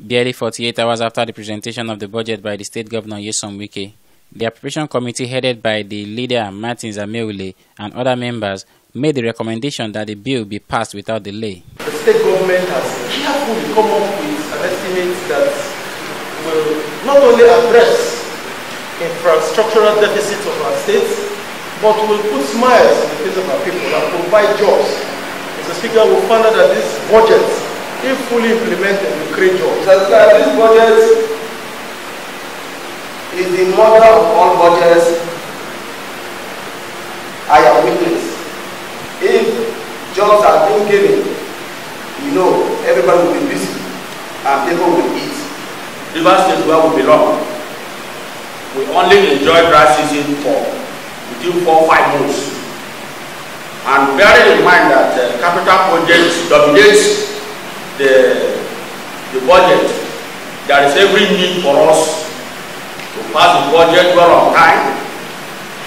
Barely 48 hours after the presentation of the budget by the state governor Yeson Wike, the appropriation committee headed by the leader Martin Zameule and other members made the recommendation that the bill be passed without delay. The state government has carefully come up with an estimate that will not only address infrastructural deficits of our state, but will put smiles on the face of our people and provide jobs. Mr. Speaker, we found out that this budget if fully implemented will create jobs. Mr. Speaker, this budget is the mother of all budgets I am witness. If jobs are being given, you know everybody will be busy and people will eat. Rivers State where we belong, we only enjoy dry season for within four five months. And bearing in mind that uh, capital projects dominates budget. There is every need for us to pass the budget well on time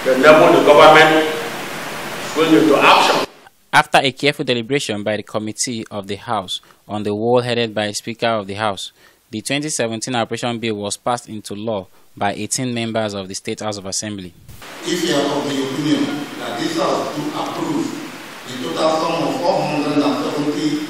to enable the government to go into action. After a careful deliberation by the Committee of the House on the wall headed by Speaker of the House, the 2017 operation Bill was passed into law by 18 members of the State House of Assembly. If you are of the opinion that this House to approve the total sum of 470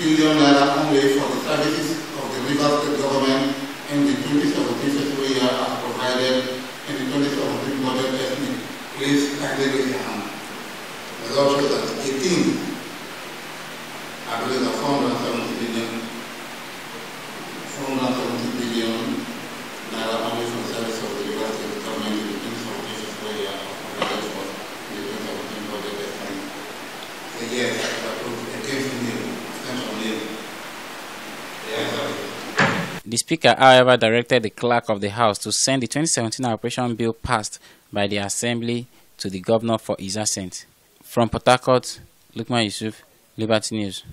billion naira only for the services of the Rivers State government in the 2017 fiscal year are provided in the 2017 budget estimate. Please kindly raise your hand. The law shows that 18, I believe that 470 billion, 470 billion naira only for the services of the Rivers State government in the 2017 fiscal year are provided for the 2017 budget estimate. So yes. The Speaker, however, directed the Clerk of the House to send the 2017 operation Bill passed by the Assembly to the Governor for his assent. From Port Harcourt, Lukman Yusuf, Liberty News.